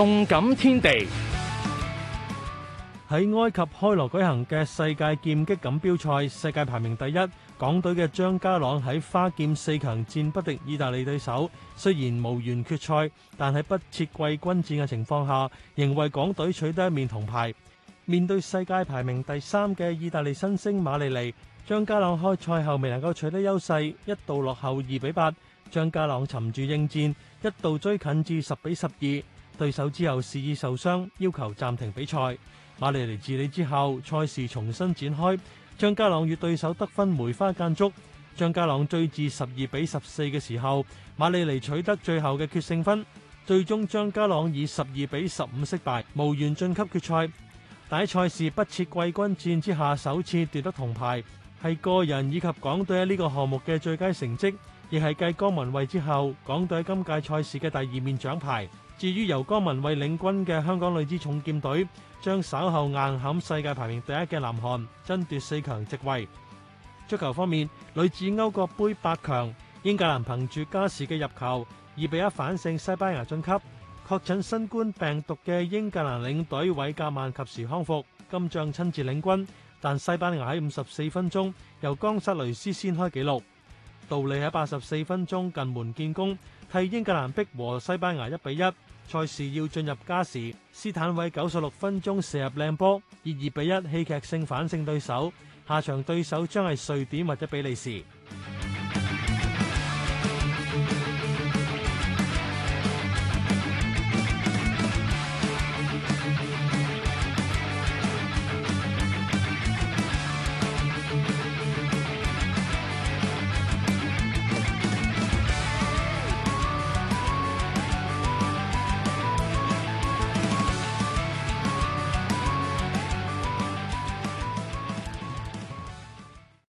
動感天地喺埃及開羅舉行嘅世界劍擊錦標賽，世界排名第一，港隊嘅張家朗喺花劍四強戰不敵意大利對手，雖然無緣決賽，但喺不設季軍戰嘅情況下，仍為港隊取得一面銅牌。面對世界排名第三嘅意大利新星馬利尼，張家朗開賽後未能夠取得優勢，一度落後二比八。張家朗沉住應戰，一度追近至十比十二。對手之後示意受傷，要求暫停比賽。馬利尼治理之後，賽事重新展開。張家朗與對手得分梅花間竹。張家朗追至十二比十四嘅時候，馬利尼取得最後嘅決勝分，最終張家朗以十二比十五失敗，無緣晉級決賽。但喺賽事不設季軍戰之下，首次奪得銅牌，係個人以及港隊喺呢個項目嘅最佳成績。亦係繼江旻憓之後，港隊今屆賽事嘅第二面獎牌。至於由江旻憓領軍嘅香港女子重劍隊，將稍後硬撼世界排名第一嘅南韓，爭奪四強席位。足球方面，女子歐國杯八強，英格蘭憑住加時嘅入球二比一反勝西班牙晉級。確診新冠病毒嘅英格蘭領隊韋格曼及時康復，今仗親自領軍，但西班牙喺五十四分鐘由岡薩雷斯先開紀錄。杜利喺八十四分鐘近門建功，替英格蘭逼和西班牙一比一。賽事要進入加時，斯坦威九十六分鐘射入靚波，以二比一戲劇性反勝對手。下場對手將係瑞典或者比利時。